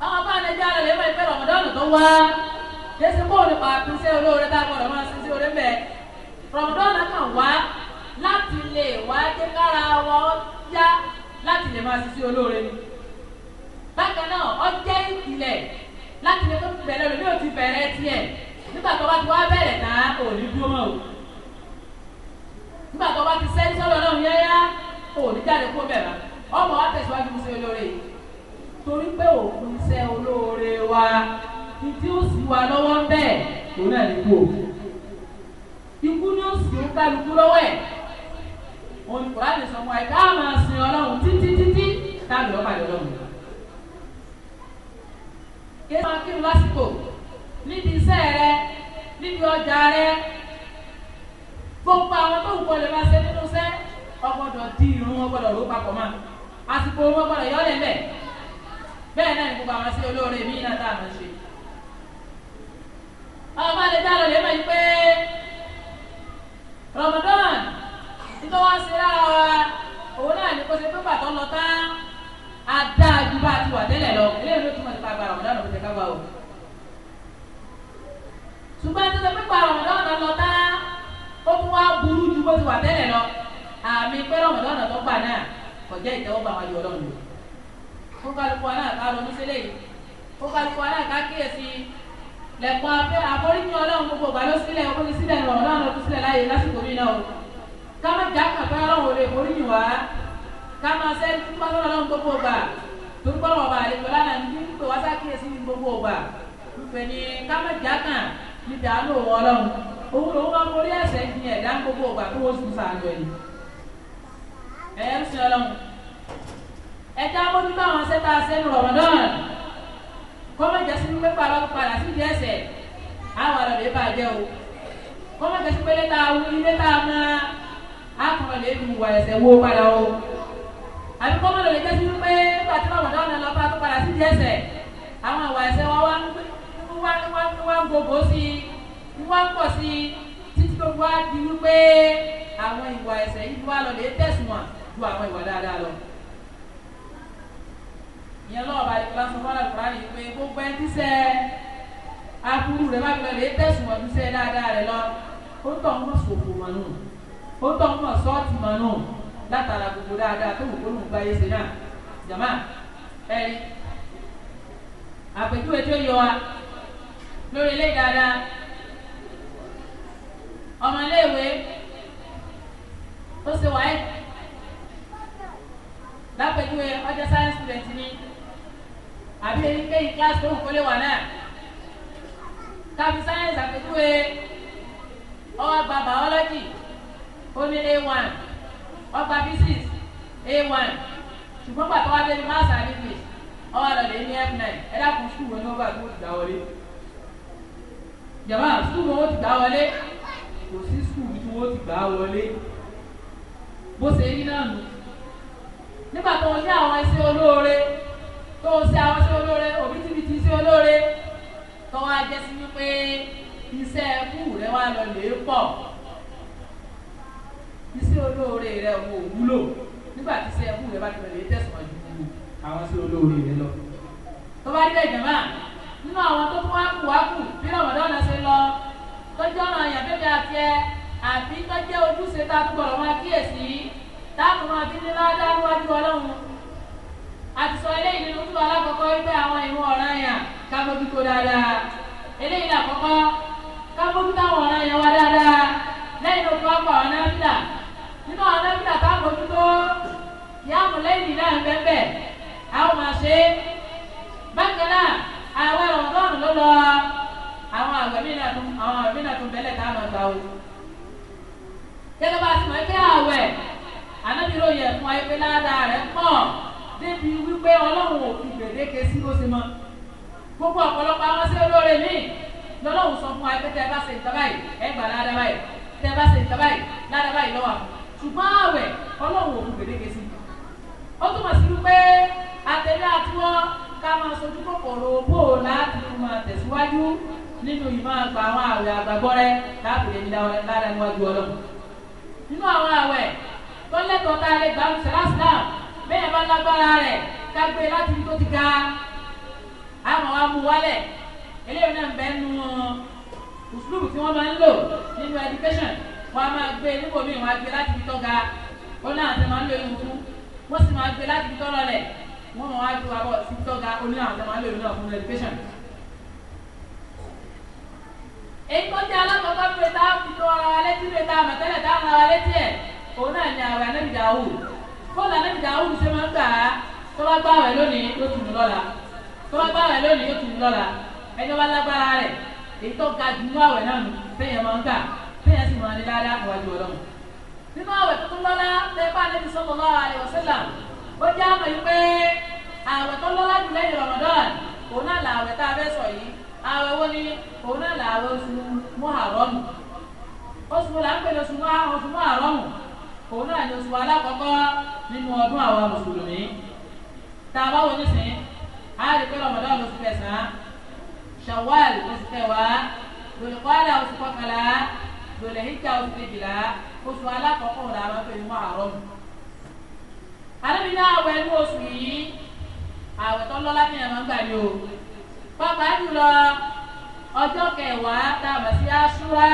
Speaker 1: àwọn bá ní ẹjọ́ àlọ́ lẹ́mọ̀ ìpẹ́ rọ̀mọdọ́nù tó wá jésù bóòlù pàápù sí olóore tá a gbọ́dọ̀ máa sin sí orí mẹ́ rọ̀mọdọ́nù kan wá láti lè wá jẹ́ kára wọn yá láti lè máa sin sí olóore ni. bákan náà ó jẹ́ ìpìlẹ̀ láti lè tó bẹ̀rẹ̀ lómi ò ti bẹ̀rẹ̀ tiẹ̀ nígbà tó bá ti wá bẹ̀rẹ̀ tá
Speaker 2: òní dúró mọ́ o
Speaker 1: nígbà tó bá ti sẹ́yìn sọ́dọ̀ náà yẹ́yá kò ní jáde kó bẹ̀rẹ̀ ọmọ wa tẹ̀síwájú sí olóore torí pé òkun iṣẹ́ olóore wa ìdí ó sì wà lọ́wọ́ bẹ́ẹ̀ òun náà ní kú ikú ni ó sì ń kálukú lọ́wọ́ ẹ̀ òun kò láti sọ fún wa ká máa sin ọlọ́run títí títí táàbì ọ̀pàdé ọlọ́run kéésì máa kírun lásìkò níbi iṣẹ́ rẹ níbi ọjà rẹ gbogbo àwọn tó wùkọ́ lè máa ṣe nínú sẹ́ ọgbọ́dọ̀ di irun wọn gbọ́dọ̀ ló papọ̀ mọ́ àsìkò wọn gbọ́dọ̀ yọ lẹ́lẹ̀ bẹ́ẹ̀ náà ni gbogbo àwọn sí olóore mi náà tá à ń ṣe. ọmọ lè dá lọ lè mọ̀ pé Ramadan nítorí wọ́n ṣe lára wa òun náà ní kó ṣe pé pàtó lọ tán á dá ju bá a ti wà tẹ́lẹ̀ lọ eléyìí ló túmọ̀ nípa àgbà Ramadan ló ti ká wa o. ṣùgbọ́n ẹni tó ṣe pé pàrọ̀ Ramadan lọ tán ti wà tẹ́lẹ̀ lọ àmì pẹ́rọ mọ̀lọ́nà tó gbà náà kọjá ìtẹ́wọ́gbà wájú ọlọ́run lò ó kálukú aláàká ronú sílẹ̀ yìí ó kálukú aláàká kíyèsí lẹ́kọ̀ọ́ abẹ́ àforíjì ọlọ́run gbogbo ìgbà ló sílẹ̀ ó ní sílẹ̀ ní ọ̀rọ̀ náà ló sílẹ̀ láàyè lásìkò mi náà o ká má jà kàkọ́ ọlọ́run olè foríjì wá ká má sẹ́ dúpọ́ ọlọ́run gbogbo ìgbà dúpọ́ ọ̀bà àlejò lánàá ní pé wá sá kíyèsí ní gbogbo ìgbà òun lòun máa borí ẹ̀ṣẹ̀ ní ẹ̀dá gbogbo ọgbà tó wọ́n sì sàánú ẹ̀yìn ẹ̀yẹ́ ń sin ọlọ́run ẹ̀ka mójú bá àwọn ṣẹ́ta sẹ́nu rọ̀mọ́dán kọ́mọ̀jẹ́ sí pé padà sí ìdí ẹ̀ṣẹ̀ àwọn àlọ́dẹ bá jẹ́ o kọ́mọ̀jẹ́ sí pé lẹ́ta awú ilé tá a máa akọ̀rọ̀ lè dùn wà ẹ̀ṣẹ̀ wo padà o àbí kọ́mọ̀jẹ́ lè jẹ́ sí pé pàtí rọ̀mọ́dán lọ bá tó padà sí ìdí ẹ̀ṣẹ̀ àwọn àwà ẹ̀ṣẹ̀ wa wá ń gbogbo sí i wá ń pọ̀ sí i títí tó wá di wípé àwọn ìwà ẹ̀ṣẹ̀ yìí wá lọ lè tẹ̀sùn wọn ju àwọn ìwà dáadáa lọ. ìyẹn lọ́wọ́ bá ikú lásán fọ́nà kúrá ni pé gbogbo ẹni tí sẹ́ akúrú rẹ̀ má fi lọ lè tẹ̀sùn wọn ju sẹ́ dáadáa rẹ̀ lọ ó tọ̀ ń mọ̀ sòfò wọn nù ó tọ̀ ń mọ̀ sọ́ọ̀tì wọn nù látara gbogbo dáadáa tó wù kólóhùn gbáyé ṣe náà jàmá ẹ̀rí àpèjúwe tó yọ wa lórí ilé dáadáa ọmọléèwé ó ṣe wáyé lápẹjúwe ọjọ́ science student ni àbí èyíkéyìí class tó ń kólé wà náà káfí science àpèjúwe ọwọ́ gba biology ó ní a one ọgbà physics a one ṣùgbọ́n pàtó wá débi maths and english ọwọ́ àlọ́lẹ̀ ní f nine ẹ dákun sùkúù ní wọ́n tó ti gbà wọlé jàmbá sùkúù wọn ó ti gbà wọlé kò sí skul tí wọ́n ti gbà wọlé bó ṣe rí náà nù nígbà tó ń ṣe àwọn iṣẹ́ olóore tó ń ṣe àwọn iṣẹ́ olóore òbítíbitì iṣẹ́ olóore tó wá jẹ́ sí wípé iṣẹ́ ẹkú rẹ wá lọ lè pọ̀ iṣẹ́ olóore rẹ wò wúlò nígbà tí iṣẹ́ ẹkú rẹ bá ti lọ lè tẹ̀sán ju àwọn iṣẹ́ olóore rẹ lọ. tó bá rí bẹ́ẹ̀ jẹ̀mọ́ nínú àwọn tó tún wá bí ọ̀mọ̀dọ́ ọ̀nà ṣe lọ tọ́jú ọ̀ràn yàn bébí àti ẹ àbí tọ́jú ojúṣe tá a túbọ̀ máa kíyèsí táàbù máa fi nílá dáwájú ọlọ́run àti sọ eléyìí nínú tó alákọ̀ọ́kọ́ wípé àwọn ìwọ̀n ọ̀ràn yàn ká mójútó dáadáa eléyìí làkọ́kọ́ ká mójútó àwọn ọ̀ràn yàn wá dáadáa lẹ́yìn oṣù ọkọ̀ ọ̀nà fìlà nínú ọ̀nà fìlà ká mójútó yàmù àwọn àwẹ̀ mìíràn tún àwọn àwẹ̀ mìíràn tún bẹ́lẹ̀ tá a máa gbà
Speaker 2: o. gẹ́gẹ́ bá a ti mọ̀ pé àwẹ̀
Speaker 1: anábìrò yẹ fún ayé pé ládàá rẹ̀ pọ̀ débi wípé ọlọ́run ò fi gbèdéke sí bó ṣe mọ́. gbogbo ọ̀pọ̀lọpọ̀ àwọn sí olóore míì lọ́lọ́run sọ fún ayé pé tẹ́ bá ṣe ìtọ́ báyìí ẹ gbà ládàá báyìí tẹ́ bá ṣe ìtọ́ báyìí ládàá báyìí lọ́wọ́ ṣùgbọ́n àwẹ̀ ọlọ́run ò fi gbèdéke sí. ó túmọ̀ sí wípé àtẹ̀lé àtiwọ́ ká máa sojú kòkòrò bò láti máa nínú ìmọ̀ àgbà àwọn àwẹ̀ àgbàgbọ́rẹ́ láàbùdé ní lára níwájú ọlọ́run nínú àwọn àwẹ̀ tó lẹ́tọ̀ọ́ tá a lè gbà sàlásìlá bẹ́ẹ̀ bá lágbára rẹ̀ ká gbé e láti ibi tó ti ga àmọ́ wa mú wálẹ̀ eléyìí náà ń bẹ́ nu ùsùlùmù tí wọ́n máa ń lò nínú education wọ́n á máa gbé e níbo mi wọ́n á gbé e láti ibi tó ga ó náà ti máa ń lo ewu fún wọ́n sì máa gbé láti ibi tó lọlẹ̀ wọ́n máa wá ju abọ́ sí tó ga ó ní àwọn tó máa ń lo ewu náà fún education èyí tó jẹ́ alákọ̀ọ́kọ́ bí wẹ́tá fi tó ara wa létí wẹ́tá mọ̀tẹ́lẹ̀ tá ara wa létí ẹ̀ òun náà ní àwẹ̀ anábìdá wù fóònù anábìdá wù ṣe máa ń gbà á tó bá gbà wẹ̀ lónìí yóò tún lọ́la tó bá gbà wẹ̀ lónìí yóò tún lọ́la ẹjọ́ bá lágbára rẹ̀ èyí tó ga jù nínú àwẹ̀ náà nù téèyàn máa ń gbà téèyàn sì máa ní dáadáa wájú ọlọ́run nínú àwẹ̀ tó lọ́la tẹ́pá níbi sallallahu alaihi wasallam ó jẹ́ àmọ̀ yìí pé àwẹ̀ tó lọ́la jù lẹ́yìn Ramadan òun náà làwẹ̀ tá a fẹ́ sọ yìí àwọn owó ní òun náà là àwọn oṣù muharọ́mù oṣù wo là ń pè ní oṣù muharọ́mù òun náà ní oṣù alákọ̀ọ́kọ́ nínú ọdún àwọn mùsùlùmí tá a bá wo nísìnyí a lè pẹ́ lọ́mọdé oṣù kẹsàn-án shawal oṣù kẹwàá lòlùkọ́lá oṣù kọkànlá lòlùhíjà oṣù kejìlá oṣù alákọ̀ọ́kọ́ òun làwọn pè ní muharọ́mù alábìnrin àwẹ̀ ní oṣù yìí àwẹ̀ tó lọ́lá ní ẹ̀ máa ń gbà ní o pàápàá jùlọ ọjọ́ kẹwàá tá a mọ̀ sí aṣúra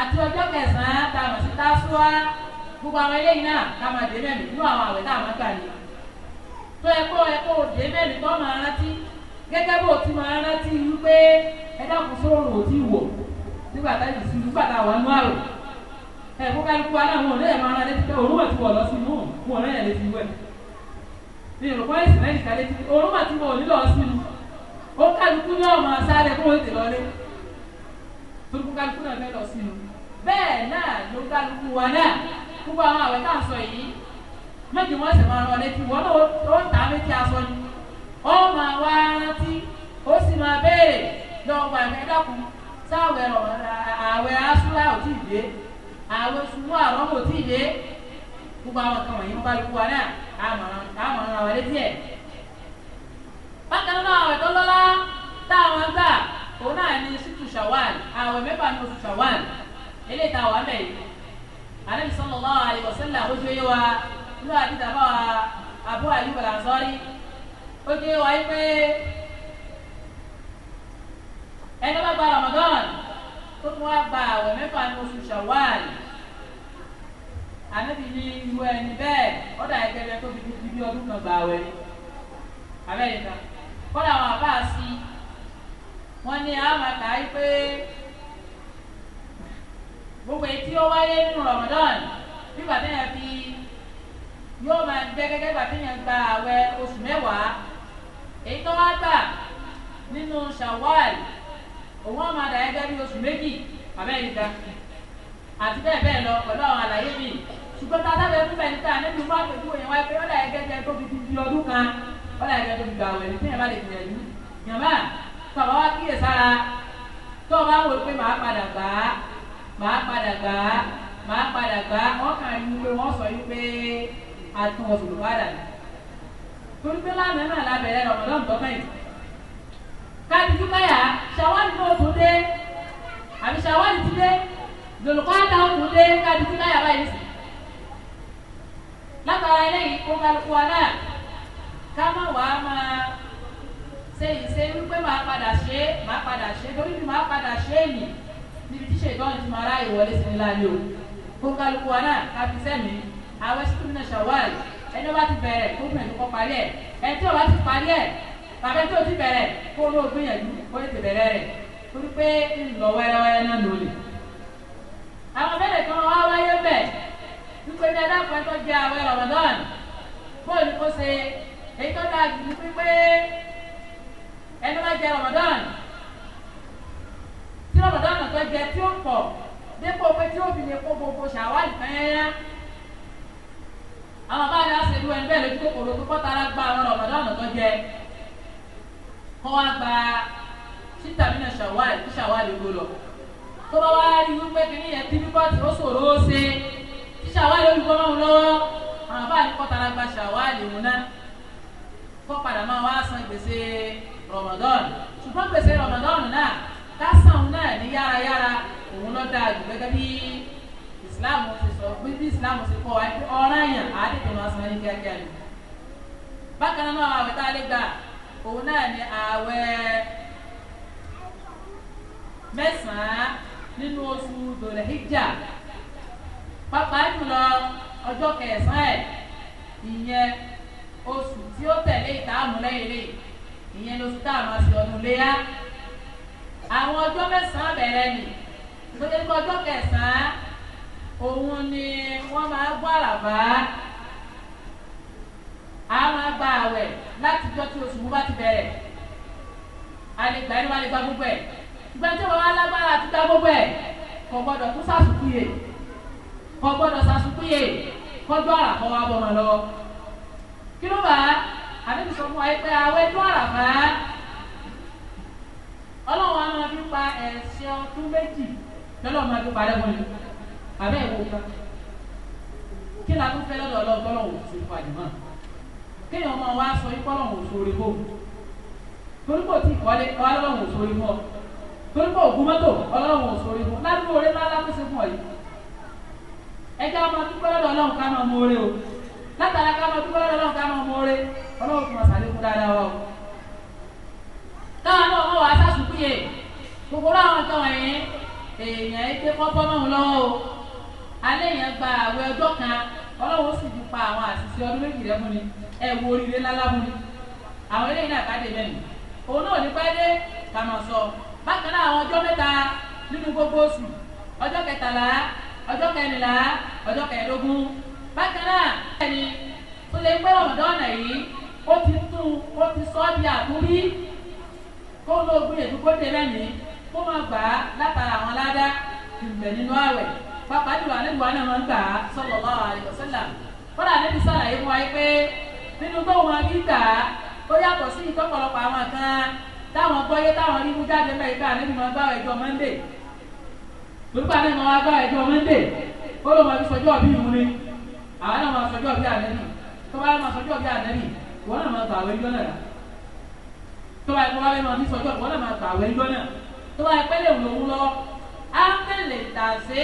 Speaker 1: àti ọjọ́ kẹsàn-án tá a mọ̀ sí tásúra gbogbo àwọn eléyìí náà ká máa dé mẹ́rin nínú àwọn àwẹ̀ tá a máa gbà ní. tó ẹ̀kọ́ ẹ̀kọ́ òde mẹ́rin tó máa rántí gẹ́gẹ́ bó ti máa rántí wípé ẹ dákun sóòrùn ò tí wò nígbà tá a sì nígbà tá a wà nú àrò. ẹ kó kálukú wa náà wọn ò lẹ́yìn máa rán létí pé òun wà tí wọ́n lọ sí inú òun wọn ò lẹ́yìn létí wẹ̀. mi ò rò pọ́ ìsìn lẹ́yìn kálé tí òun wà tí wọ́n ò nílò ọ ó kálukú ní ọmọ sáré kó o tè lọlé torí kó kálukú náà fẹ́ lọ sí i bẹ́ẹ̀ náà ló kálukú wa náà gbogbo àwọn àwẹ̀ tá a sọ yìí méjì wọ́n sì máa rán létí wọ́n ló ń ta méjì aṣọ ni ó máa wá rántí ó sì máa béèrè lọ́wọ́ àgbẹ̀dàkùn sáwẹ̀ àwẹ̀ asúlá ò tí ì dé àwẹ̀ sùnmọ́ àrọ́mọ̀ ò tí ì dé gbogbo àwọn kan wọ̀nyí ń kálukú wa náà àmọ̀ràn àmọ̀ràn àwẹ̀ létí ẹ̀ bákan náà àwẹ̀ tó lọ́lá táwọn gbà òun náà ní sítú ṣàwáàlì àwẹ̀ mẹ́fà ní oṣù ṣàwáàlì eléyìí tá a mẹ́rin alẹ́ sallallahu alaihi wasallam ojú yé wa inú àti tàbá wa Abu Ayyub al-Ansari ojú yé wa yí pé ẹni bá gba Ramadan tó tún wá gba àwẹ̀ mẹ́fà ní oṣù ṣàwáàlì anabi ni irú ẹni bẹ́ẹ̀ ọ̀dà ẹgbẹ́ rẹ tó fi bí ọdún kan gbà àwẹ̀ ni abẹ́yẹ̀ta kọ́dà àwọn àbá sí wọ́n ní àmàkà yìí pé gbogbo etí ó wáyé nínú Ramadan nígbà téèyàn fi yóò máa gbẹ gẹ́gẹ́ gbà téèyàn gba àwẹ̀ oṣù mẹ́wàá èyí tó wá gbà nínú Shawwal òun á máa dà gẹ́gẹ́ bí oṣù méjì abẹ́yẹ̀dá àti bẹ́ẹ̀ bẹ́ẹ̀ lọ pẹ̀lú àwọn àlàyé mi ṣùgbọ́n tá a dábẹ́ fún bẹ́ẹ̀ níta nínú fún àpèjúwe yẹn wáyé pé ó dà gẹ́gẹ́ tó fi di ọdún kan ó dàbí ẹjọ́ gbogbo àwẹ̀ ní tẹ́yìn bá lè gbìyànjú yàmá tọ̀wọ́ wá kíyè sára tó o bá wò pé màá padà gbà á màá padà gbà á màá padà gbà á wọ́n kàn ń pé wọ́n sọ wípé àtún ọ̀sùn padà ní. torí pé lánàá náà lábẹ́rẹ́ rọ̀mọ̀dọ́n tọ́kàn yìí. káàdìjú káyà ṣàwádìí náà tún dé àbí ṣàwádìí tún dé lòlùkọ́ àtàwọn tún dé káàdìjú káyà báyìí sí. látara eléyìí kó kálukú wa náà ká má wàá máa ṣe ìṣe wípé màá padà ṣe é màá padà ṣe é torí mi màá padà ṣe é nì níbi tíṣe ìdánwò tí màá ráàyè wọlé sí ni láàyè o kó kálukú wa náà ká fi sẹ́mi àwọn ẹṣin tó fi náà ṣàwárí ẹni wọ́n bá ti bẹ̀rẹ̀ kó fún ẹ̀dùn kọ́ parí ẹ̀ ẹni tí wọ́n bá ti parí ẹ̀ bàbá tí o ti bẹ̀rẹ̀ kó ló gbìyànjú kó lè ti bẹ̀rẹ̀ rẹ̀ torí pé ńlọ wẹ́rẹ́wẹ́rẹ́ náà ló lè. àwọn bẹ́ẹ̀ kan wá wáyé bẹ̀ wípé ní adáfẹ́ tó jẹ́ àwẹ̀ Ramadan bóyá ni kò ṣe èyí tó dáa jù ní pípé ẹni bá jẹ Ramadan tí Ramadan tó jẹ tí ó pọ̀ dípò pé tí ó fi lè kó gbogbo ṣàwárí fẹ́ẹ́yà àwọn bá yà ṣe lu ẹni bẹ́ẹ̀ lójú kòkòrò tó kọ́ tara gba àwọn Ramadan tó jẹ kọ́ wá gba títà mí náà ṣàwárí tí ṣàwárí ló lọ tó bá wá rí wípé kìnìún yẹn tí bíkọ́tì ó ṣòro ó ṣe tí ṣàwárí olùkọ́ máa ń lọ́wọ́ àwọn bá yà kọ́ tara gba ṣàwárí òun náà kọ́ padà máa wá san gbèsè Ramadan ṣùgbọ́n gbèsè Ramadan náà kásán náà ní yárayára òun ló dáa jù gẹ́gẹ́ bí Islam ti sọ bí bí Islam ti kọ́ wa pé ọ̀ràn yẹn àádìgbò máa san ní kíákíá ni. bákan náà àwẹ̀ tá a lè gbà òun náà ní àwẹ̀ mẹ́sàn-án nínú oṣù dòlẹ́híjà pápá jùlọ ọjọ́ kẹsàn-án ẹ̀ ìyẹn oṣù tí ó tẹ̀lé ìtààmú lẹ́yìn lè ìyẹn lóṣù tá a máa ṣe ọdún léyà àwọn ọjọ́ mẹ́sàn-án bẹ̀rẹ̀ nì tó dé kó ọjọ́ kẹsàn-án òun ni wọ́n máa gbọ́ àràbá a máa gba àwẹ̀ láti jọ tí oṣù mú bá ti bẹ̀rẹ̀ a lè gbà ẹni wá lè gba gbogbo ẹ̀ ṣùgbọ́n tí wọ́n wá àti gbogbo ẹ̀ kò gbọ́dọ̀ tún sàṣùkúyè kò gbọ́dọ̀ sàṣùkúyè kọjọ́ àràkọ́ wa bọ̀ wọn lọ kí ló bá àdébí sọ fún wa pé àwẹ̀ tó àràfá ọlọ́run á máa fi pa ẹ̀sìn ọdún méjì lọ́lọ́run máa fi parẹ́ wọn lè abẹ́ ìwò kan kí la tún fẹ́ lọ́dọ̀ ọlọ́ọ̀tọ́lọ́wọ̀ sí fàdìmọ́ kéèyàn máa wá sọ ikọ́ lọ́wọ́ sórí bò torípò tí ìkọ́lé ọlọ́wọ́ sórí bò torípò ògùn mọ́tò ọlọ́wọ́ sórí bò ládùúgbò rẹ lálá tó ṣe fún ọ yìí ẹjẹ́ ọmọ dúpẹ́ lọ́dọ̀ ọlọ́run ká máa mọ oore o látara ká máa dúpẹ́ lọ́dọ̀ ọlọ́run ká máa mọ ore ọlọ́run fún wa sàlékún dáadáa wa o. káwọn náà wọ́n wá sásùkú yẹ gbogbo àwọn ọ̀tọ̀ ẹ̀yìn èèyàn ètè kọ́kọ́ náà lọ́wọ́ o. alẹ́ yẹn gba àwẹ̀ ọjọ́ kan ọlọ́run ó sì ti pa àwọn àṣìṣe ọdún méjì rẹ mú ni ẹ wo oríire lálá mú ni. àwọn eléyìí náà ká dé bẹ́ẹ̀ òun náà ní pẹ́ dé ká máa sọ bákan náà àwọn ọjọ́ mẹ́ta nínú gbogbo oṣù ọjọ́ kẹtàlá ọjọ́ kẹrìnlá ọjọ́ kẹẹ̀ẹ́dógún bákan náà ẹni tó lè pé ọ̀dọ́nà yìí ó ti tún ó ti sọ ọ́ di àkúrí kó ló gbìyànjú kó dé lẹ́mìí kó máa gbà á látara àwọn ládá ìgbẹ̀ nínú àwẹ̀ pápá jùlọ àlejò wa náà máa ń gbà á sallallahu alaihi wasallam kódà níbi sàlàyé fún wa yìí pé nínú tó wọn bí gbà á ó yàtọ̀ sí ìtọ́pọ̀lọpọ̀ àwọn kan táwọn gbọ́yé táwọn rí mú jáde mẹ́rin gbà níbi máa gbà ẹjọ́ Monday lórúkọ àná ìmọ̀ wa gbà ẹjọ́ Monday ó lọ́ àwọn náà máa sọjọ́ bí ànẹ́bì tó bá máa sọjọ́ bí ànẹ́bì wọn náà máa gbàwé ijọ́ náà tó bá ẹ̀kọ́ bá bẹ́ẹ̀ máa ní sọjọ́ wọn náà máa gbàwé ijọ́ náà tó bá ẹ̀kọ́ lè wù lọ́wọ́ á mẹ́lẹ̀ tàṣe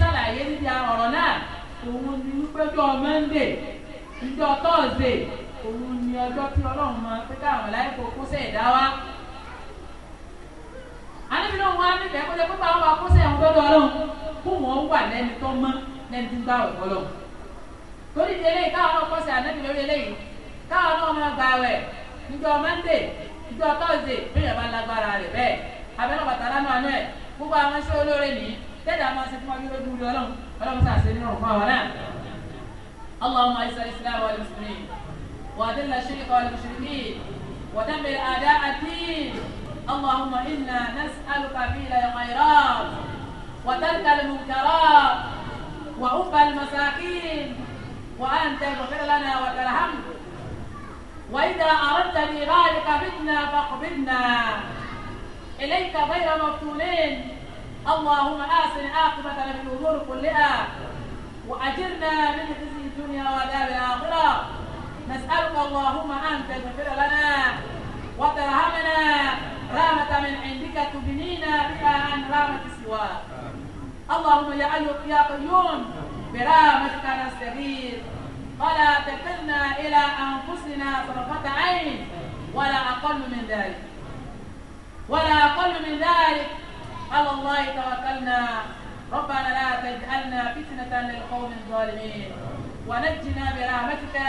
Speaker 1: sàlàyé níbi ọ̀rọ̀ náà òun ni wípéjọ́ mẹ́ndé ìjọ tọ́ọ̀sì òun ni ọjọ́ tí ọlọ́run máa pé káwọn láìpẹ́ kó sẹ́ ẹ̀dá wa àníbi náà wọn á nífẹ̀ẹ́ kó jẹ́ pé báwọn bá kó sẹ́ ẹ̀hún lọ́dọ̀ ọlọ́run kó wọ́n wà lẹ́ni tó mọ́ tí ń gbà ọ̀pọ̀lọ́run torí ti eléyìí káwọn náà kọ́sẹ̀ ànábì lórí eléyìí káwọn náà máa gba àwẹ̀ níjọ mọ́ndé níjọ tọ́sídẹ̀ bíyàn bá lágbára rẹ̀ bẹ́ẹ̀ abẹ́rẹ́ bàtà lánàá nú ẹ̀ gbogbo àwọn iṣẹ́ olóore nìyí tẹ́lẹ̀ àwọn aṣẹ́ fún ọdún lójú ọlọ́run ọlọ́run sàṣẹ nínú ọ̀pọ̀ àwọn náà. اللهم اعز الاسلام والمسلمين واذل الشرك والمشركين ودمر اعداء الدين اللهم انا نسالك فعل الخيرات وترك المنكرات وحب المساكين وأنت تغفر لنا وترحمنا وإذا أردت بغالك بدنا فاقبضنا إليك غير مفتونين اللهم آسن عاقبتنا في الأمور كلها وأجرنا من خزي الدنيا وعذاب الآخرة نسألك اللهم أن تغفر لنا وترحمنا رامة من عندك تبنينا بها عن رامة سواك اللهم يا أيها يا قيوم كان السبيل ولا تكلنا إلى أنفسنا طرفة عين ولا أقل من ذلك ولا أقل من ذلك على الله توكلنا ربنا لا تجعلنا فتنة للقوم الظالمين ونجنا برحمتك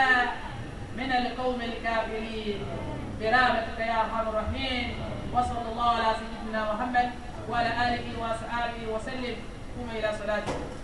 Speaker 1: من القوم الكافرين برحمتك يا أرحم الراحمين وصلى الله على سيدنا محمد وعلى آله وصحبه وسلم قم إلى صلاتك